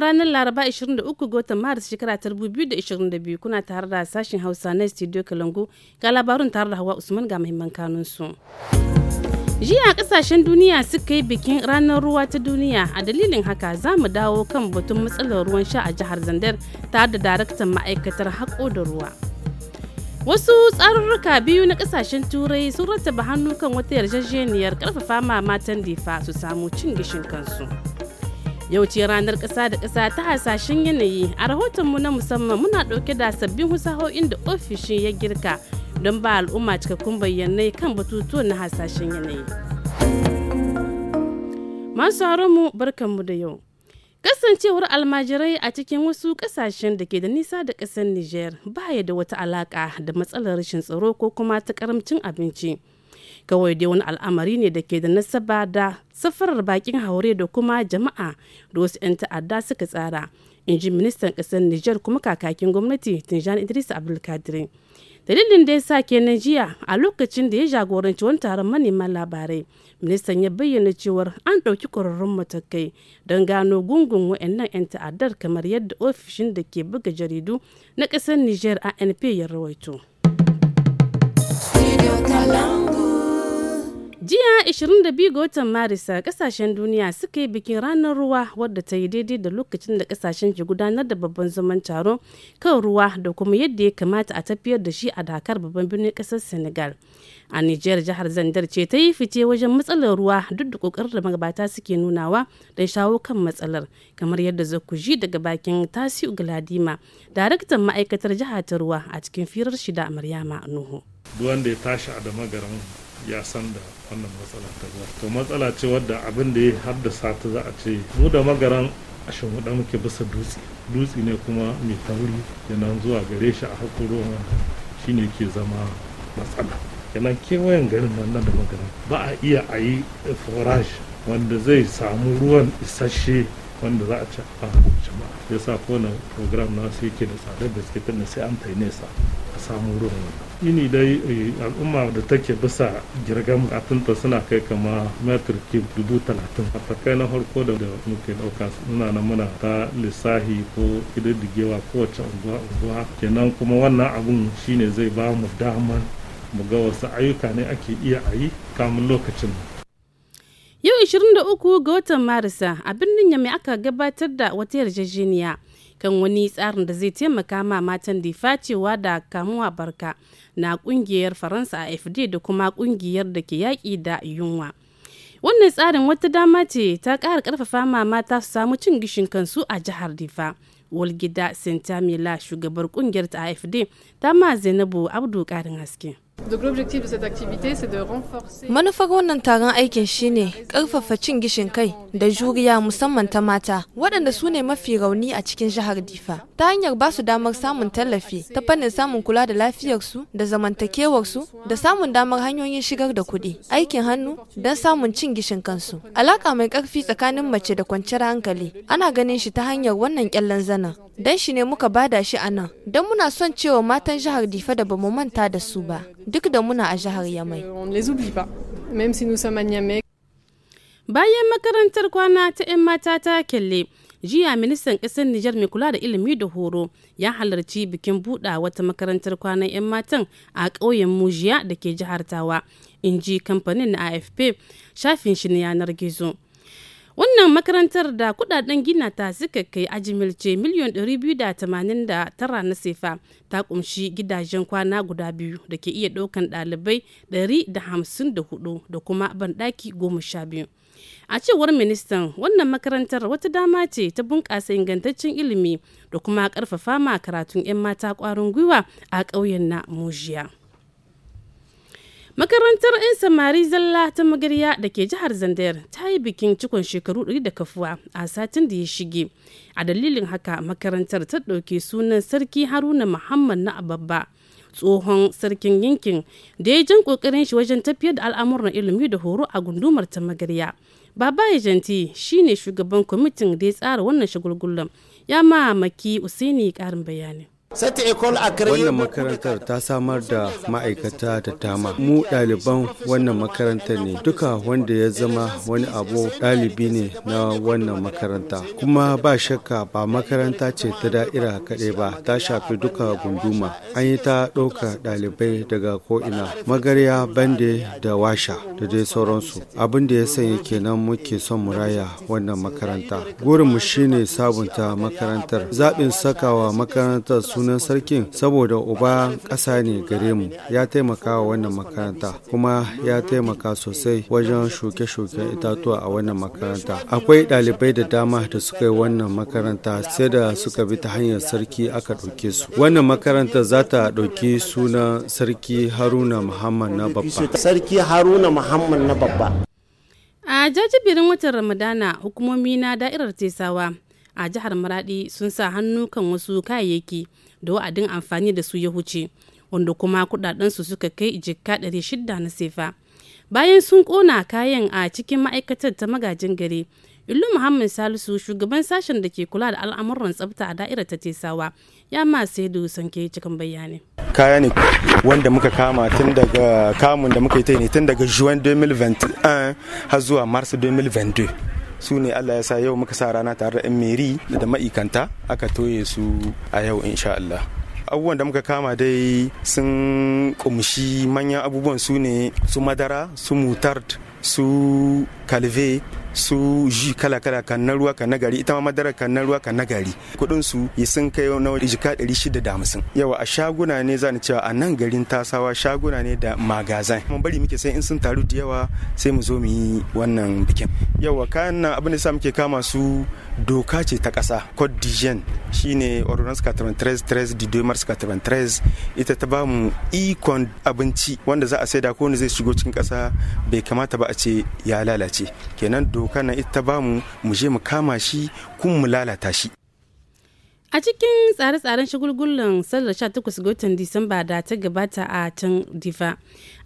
ranar Laraba 23 ga watan Maris shekara 2022 kuna tare da sashen Hausa na Studio Kalangu ga labarun tare da Hawa Usman ga muhimman kanunsu. Jiya kasashen duniya suka yi bikin ranar ruwa ta duniya a dalilin haka za mu dawo kan batun matsalar ruwan sha a jihar Zandar tare da daraktan ma'aikatar haƙo da ruwa. Wasu tsarurruka biyu na kasashen turai sun rattaba hannu kan wata yarjejeniyar karfafa ma matan difa su samu cin gishin kansu. Yau ce ranar ƙasa da ƙasa ta hasashen yanayi a rahotonmu na musamman muna ɗauke da sabbin husaho'in da ofishin ya girka don ba al'umma cikakkun bayyanai kan batutuwan na hasashen yanayi. Masu mu barkanmu da yau. Kasancewar almajirai a cikin wasu kasashen da ke da nisa da ƙasar Nijar baya da wata alaƙa da matsalar rashin tsaro ko kuma ta karamcin abinci. Kawai dai wani al'amari ne da ke da nasaba da safarar bakin haure da kuma jama'a da wasu 'yan ta'adda suka tsara in ji ministan kasar niger kuma kakakin gwamnati tijjani idris abdulkadir dalilin da ya sa kenan jiya a lokacin da ya jagoranci wani taron manema labarai ministan ya bayyana cewar an ɗauki ƙwararrun matakai don gano gungun wa'annan 'yan ta'addar kamar yadda ofishin da ke buga jaridu na ƙasar niger anp ya rawaito. jiya 22 ga watan marisa kasashen duniya suka yi bikin ranar ruwa wadda ta yi daidai da lokacin da kasashen ke gudanar da babban zaman taro kan ruwa da kuma yadda ya kamata a tafiyar da shi a dakar babban birnin kasar senegal a nijar jihar zandar ce ta yi fice wajen matsalar ruwa duk da kokarin da magabata suke nunawa don shawo kan matsalar kamar yadda zakuji daga bakin tasiu ugladima daraktan ma'aikatar jihar ta ruwa a cikin firar shida maryama nuhu duk wanda ya tashi a da ya san da wannan matsala ta zuwa to matsala ce wadda abin da ya haddasa ta za a ce mu da magaran a shimfiɗa muke bisa dutse dutse ne kuma mai tauri yanan zuwa gare shi a haƙo shine ke zama matsala yanan kewayen garin nan da magaran ba a iya a yi forage wanda zai samu ruwan isasshe wanda za a ci a jama'a yasa kowane program na sai yake da tsadar da suke sai an tai nesa a samu ruwan wannan ini dai eh, al'umma da take bisa jirgin kafinta suna kai kama metir dubu talatin a takai na harko da muke ɗauka suna na muna ta lissahi ko ƙididdigewa kowace unguwa unguwa kenan kuma wannan abun shine zai ba mu damar mu ga wasu ayyuka ne ake iya a yi kamun lokacin yau 23 ga watan marisa a birnin mai aka gabatar da wata yarjejeniya kan wani tsarin da zai taimaka ma matan da facewa da kamuwa barka na kungiyar faransa a fd da kuma kungiyar da ke yaƙi da yunwa wannan tsarin wata dama ce ta ƙara ƙarfafa ma mata su samu cin gishin kansu a jihar difa walgida mila shugabar kungiyar ta afd ta ma zainabu abdu ƙarin haske Manufar wannan taron aikin shine ƙarfafa cin gishin kai da juriya musamman ta mata waɗanda su ne mafi rauni a cikin jihar Difa ta hanyar ba su damar samun tallafi ta fannin samun kula da lafiyarsu da zamantakewarsu da samun damar hanyoyin shigar da kuɗi aikin hannu don samun cin gishin kansu. Alaka mai ƙarfi tsakanin mace da kwanciyar hankali ana ganin shi ta hanyar wannan ƙyallen zana dan shi ne muka bada shi a nan don muna son cewa matan jihar Difa da bamu manta da su ba. duk da muna a jihar Yamai. Bayan makarantar kwana ta 'yan mata ta kelle, jiya ministan ƙasar Nijar mai kula da ilimi da horo ya halarci bikin buɗa wata makarantar kwana 'yan matan a ƙauyen Mujiya da ke jihar Tawa, in ji kamfanin na AFP shafin shi na yanar gizo. wannan makarantar da kudaden gina ta suka kai ajimilce miliyan 289 na sefa ta kumshi gidajen kwana guda biyu da ke iya daukan dalibai 154 da kuma banɗaki 12 a cewar ministan wannan makarantar wata dama ce ta bunƙasa ingantaccen ilimi da kuma ƙarfafa ma karatun 'yan mata ƙwarin gwiwa a ƙauyen na mujiya Makarantar 'yan samari zalla ta magarya da ke jihar Zandayar ta yi bikin cikon shekaru 100 da kafuwa a satin da ya shige. A dalilin haka makarantar ta ɗauki sunan Sarki Haruna Muhammad na Ababba. tsohon sarkin yankin da ya jan kokarin shi wajen tafiyar da al'amuran ilimi da horo a gundumar ta magarya baba janti shine shugaban kwamitin da ya tsara wannan shagulgulan ya mamaki usaini karin bayani Wannan makarantar ta samar da ma'aikata da dama. Mu ɗaliban wannan makarantar ne. Duka wanda ya zama wani abu ɗalibi ne na wannan makaranta. Kuma ba shakka ba makaranta ce ta da'ira kaɗai ba, ta shafi duka gunduma. An yi ta ɗauka ɗalibai daga ko'ina, magarya, bande da washa da dai sauransu. Abin da ya sanya kenan muke son mu raya wannan makaranta. Gurinmu shine sabunta makarantar. Zaɓin sakawa makarantar su sunan sarkin saboda uba ƙasa ne gare mu ya taimaka wa wannan makaranta kuma ya taimaka sosai wajen shuke-shuken itatuwa a wannan makaranta. Akwai ɗalibai da dama da suka yi wannan makaranta sai da suka bi ta hanyar sarki aka ɗauke su. Wannan makaranta za ta ɗauki sunan sarki Haruna Muhammad na babba. Sarki Haruna Muhammad A jajibirin watan Ramadana hukumomi na da'irar Tesawa a jihar Maradi sun sa hannu kan wasu kayayyaki da wa'adin amfani da su ya huce wanda kuma kudadensu suka kai jikka 600 na sefa bayan sun kona kayan a cikin ma'aikatar ta magajin gari illu muhammad salisu shugaban sashen da ke kula da al'amuran tsafta a da'irar ta tesawa ya ma sai saidu sanke cikin bayani kaya ne wanda muka kama tun daga kamun da muka yi ta ne tun daga juin 2021 har zuwa mars 2022 su ne Allah ya sa yau muka sa rana tare da 'yan meri da ma'ikanta aka toye su a yau insha Allah. abubuwan da muka kama dai sun kumshi manyan abubuwan su ne su madara su mutard su kalve su ji kala-kala kan na ruwa kan nagari ita ma madara kan na ruwa kan nagari. kudin su ya sun kai na wani jika 650 yawa a shaguna ne za ni cewa a nan garin tasawa shaguna ne da magazan mun bari muke sai in sun taru da yawa sai mu zo mu yi wannan bikin yawa kayan nan abin da sa muke kama su doka ce ta ƙasa code d'hygiène shine ordinance 93 di 2 mars 93 ita ta ba mu ikon abinci wanda za a saida ko ne zai shigo cikin ƙasa bai kamata ba a ce ya lalace ce kenan doka na ita ba mu mu je mu kama shi kun mu lalata shi a cikin tsare-tsaren shagulgulan sallar 18 ga watan disamba da ta gabata a can difa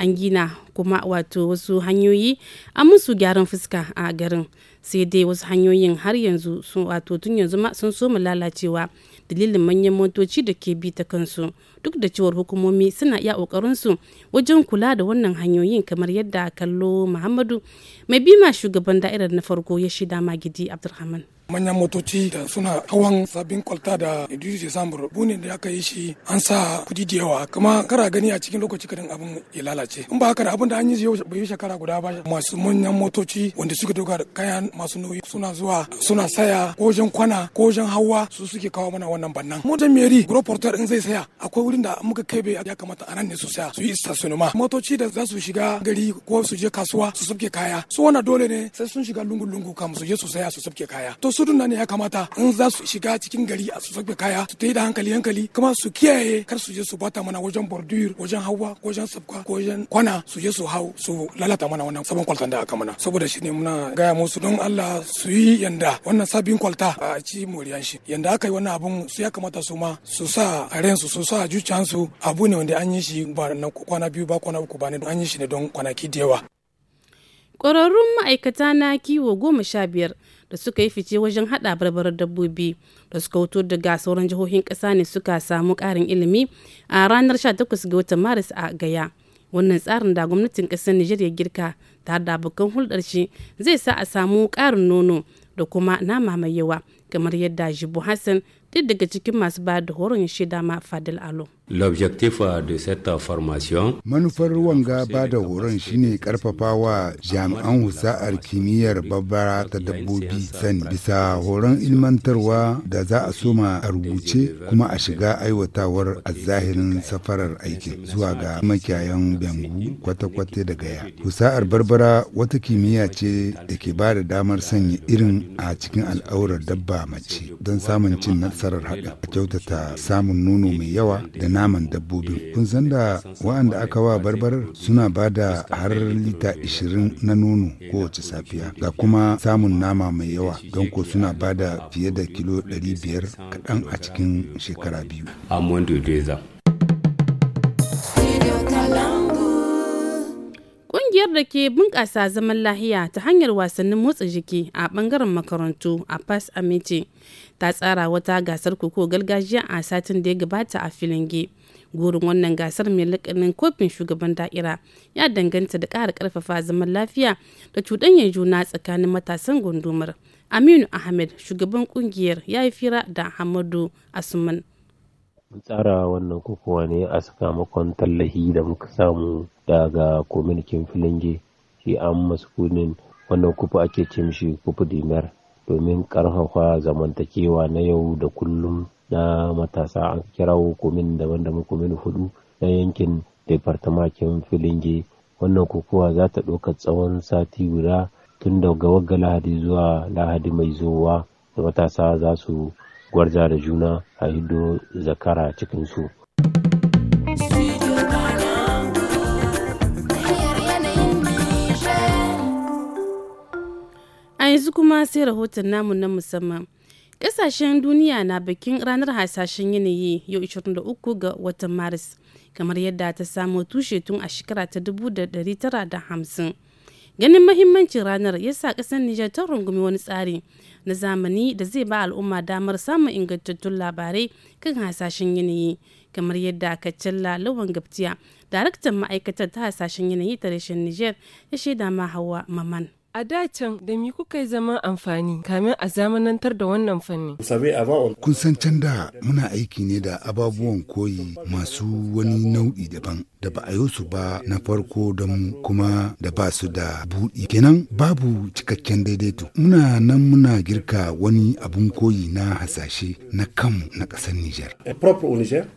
an gina kuma wato wasu hanyoyi an musu gyaran fuska a garin sai dai wasu hanyoyin har yanzu sun wato tun yanzu ma sun soma lalacewa dalilin manyan motoci da ke bi ta kansu duk da cewar hukumomi suna iya su wajen kula da wannan hanyoyin kamar yadda kallo muhammadu mai bima shugaban da'irar na farko ya shida magidi abdulrahman manyan motoci da suna hawan sabbin kwalta da Idris Samur bune da aka yi shi an sa kudi da yawa kuma kara gani a cikin lokaci kadan abin ya lalace in ba haka da abin da an yi yau bai shekara guda ba masu manyan motoci wanda suka doga kayan masu nauyi suna zuwa suna saya ko wajen kwana ko wajen hawa su suke kawo mana wannan bannan motar meri gro porter in zai saya akwai wurin da muka kai bai ya kamata a ne su saya su yi stationuma motoci da za su shiga gari ko su je kasuwa su suke kaya su wannan dole ne sai sun shiga lungu-lungu kamun su je su saya su suke kaya to sudun dun ne ya kamata in za su shiga cikin gari a su sauke kaya su tayi da hankali hankali kuma su kiyaye kar su je su bata mana wajen bordur wajen hawa wajen sabka wajen kwana su je su hau su lalata mana wannan sabon kwaltan da aka mana saboda shi ne muna gaya musu don Allah su yi yanda wannan sabin kwalta a ci moriyan shi yanda aka yi wannan abun su ya kamata su ma su sa a ransu su sa a zuciyansu abu ne wanda an yi shi ba na kwana biyu ba kwana uku ba ne an yi shi ne don kwanaki da yawa ƙwararrun ma'aikata na kiwo goma sha biyar da suka yi fice wajen hada barbarar dabbobi da suka wuto daga sauran jihohin ƙasa ne suka samu karin ilimi a ranar 18 ga watan maris a gaya wannan tsarin da gwamnatin ƙasar nigeria girka ta da abokan hulɗar shi zai sa a samu karin nono da kuma nama mai yawa kamar yadda jibu hassan duk daga cikin masu ba da horon ya shaida ma Fadil Alo. L'objectif euh, de cette formation manufar wanga ba da horon shine karfafawa jami'an husa'ar kimiyyar babbara ta dabbobi sani bisa horon ilmantarwa da za a soma a rubuce kuma a shiga aiwatawar a zahirin safarar aikin zuwa ga makiyayan bengu kwata-kwata da gaya husa'ar barbara wata kimiyya ce da ke ba da damar sanya irin a cikin al'aurar dabba mace don samun cin nasarar haɗa a kyautata samun nono mai yawa da naman dabbobi kun san da wa'anda aka wa barbarar suna ba da har lita 20 na nono kowace safiya ga kuma samun nama mai yawa don ko suna ba da fiye da kilo 500 kaɗan a cikin shekara biyu. koyar da ke bunƙasa zaman lahiya ta hanyar wasannin motsa jiki a ɓangaren makarantu a a Amiti ta tsara wata gasar koko gargajiya a satin da ya gabata a filin Filinge. Gurin wannan gasar mai lakanin kofin shugaban da'ira ya danganta da ƙara ƙarfafa zaman lafiya da cuɗanyar juna tsakanin matasan gundumar. Aminu Ahmed shugaban ƙungiyar ya yi fira da Hamadu Asuman. mun tsara wannan kokowa ne a sakamakon tallahi da muka samu daga kominikin filinge shi an kunin wannan kufu ake ce mishi kufu dimer domin karfafa zamantakewa na yau da kullum na matasa an kirawo komin daban-daban komin hudu na yankin departamakin filinge wannan kokowa za ta ɗauka tsawon sati guda tun daga wagga lahadi zuwa lahadi mai zuwa da matasa za su gwarza da juna a hido zakara cikin cikinsu. A yanzu kuma sai rahoton namu na musamman. Ƙasashen duniya na bikin ranar hasashen yanayi yau 23 ga watan Maris, kamar yadda ta samo tushe tun a shekara ta 1950. Ganin mahimmancin ranar ya sa ƙasar Nijar ta rungumi wani tsari na zamani da zai ba al'umma damar samun ingantattun labarai kan hasashen yanayi kamar yadda aka cilla lawan gabtiya daraktan ma'aikatar ta hasashen yanayi ta reshen niger ya shaida ma hawa maman A da can da mi kuka yi zaman amfani kamin a zamanantar da wannan fanni. Kun san can da muna aiki ne da ababuwan koyi masu wani nau'i daban da ba a yi su ba na farko da kuma da ba su da buɗi. Kenan babu cikakken daidaito. Muna nan muna girka wani abun koyi na hasashe na kanmu na ƙasar Nijar.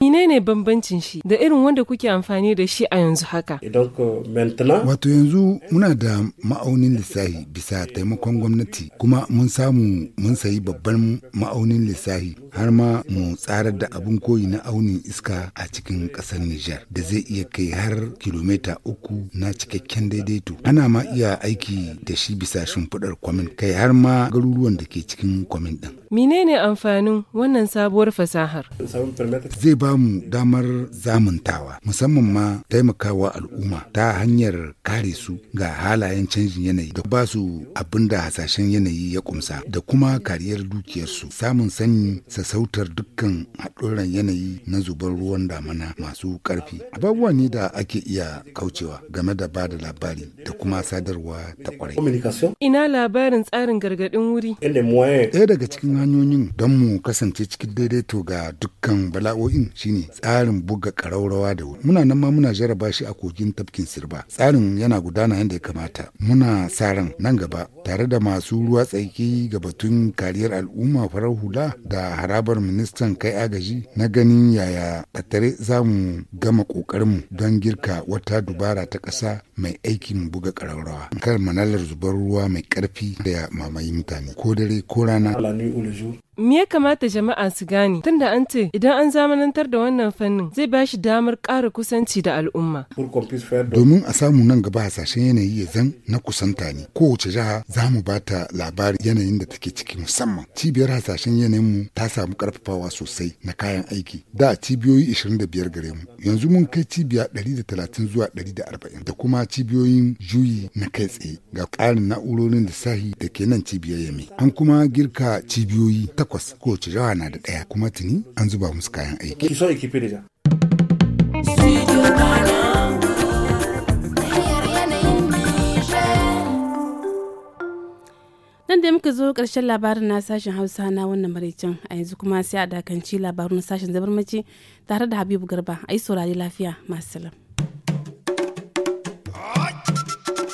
Mine ne bambancin shi da irin wanda kuke amfani da shi a yanzu haka? Euh, Wato yanzu muna da ma'aunin lissafi lissahi bisa taimakon gwamnati kuma mun samu mun sayi babban ma'aunin lissahi har ma mu tsarar da abin koyi na aunin iska a cikin ƙasar Nijar da zai iya kai har kilomita uku na cikakken daidaito. Ana ma iya aiki da shi bisa shimfiɗar kwamin kai har ma garuruwan da ke cikin kwamin ɗin. Menene amfanin wannan sabuwar fasahar? Zai ba mu damar zamantawa musamman ma taimakawa al'umma ta hanyar kare su ga halayen canjin yanayi da ba su abin hasashen yanayi ya kumsa da kuma kariyar dukiyarsu samun sanyi sautar dukkan haɗuran yanayi na zubar ruwan damana masu ƙarfi. Abubuwa ne da ake iya kaucewa game da ba da labari da kuma sadarwa ta ƙwarai. Ina labarin tsarin gargaɗin wuri. Ɗaya daga cikin hanyoyin don mu kasance cikin daidaito ga dukkan bala'o'in shine tsarin buga ƙaraurawa da wuri. Muna nan ma muna jaraba shi a kogin tafkin sirba. Tsarin yana gudana yadda ya kamata. Muna sa ran nan gaba tare da masu ruwa tsaki ga batun kariyar al'umma farar hula da harabar ministan kai agaji na ganin yaya ɓatare za mu gama ƙoƙarinmu don girka wata dubara ta ƙasa mai aikin buga ƙararrawa kar manalar zubar ruwa mai ƙarfi da mamayi mutane ko dare ko rana Me ya kamata jama'a su gane tunda an ce idan an zamanantar da wannan fannin zai ba shi damar ƙara kusanci da al'umma. Domin a samu nan gaba hasashen yanayi ya zan na kusanta ne. Kowace jiha za mu ba ta labarin yanayin da take ciki musamman. Cibiyar hasashen yanayin mu ta samu ƙarfafawa sosai na kayan aiki. Da cibiyoyi 25 gare mu. Yanzu mun kai cibiya talatin zuwa 140 da arba'in. da kuma cibiyoyin juyi na kai tsaye ga ƙarin na'urorin lissahi da ke nan cibiyar yame. An kuma girka cibiyoyi ta takwas kowace jawa na da ɗaya kuma tuni an zuba musu kayan aiki. nan da muka zo karshen labarin na sashen hausa na wannan maraicin a yanzu kuma sai a dakanci labarun sashen zabar mace tare da habibu garba a yi saurari lafiya masu salam.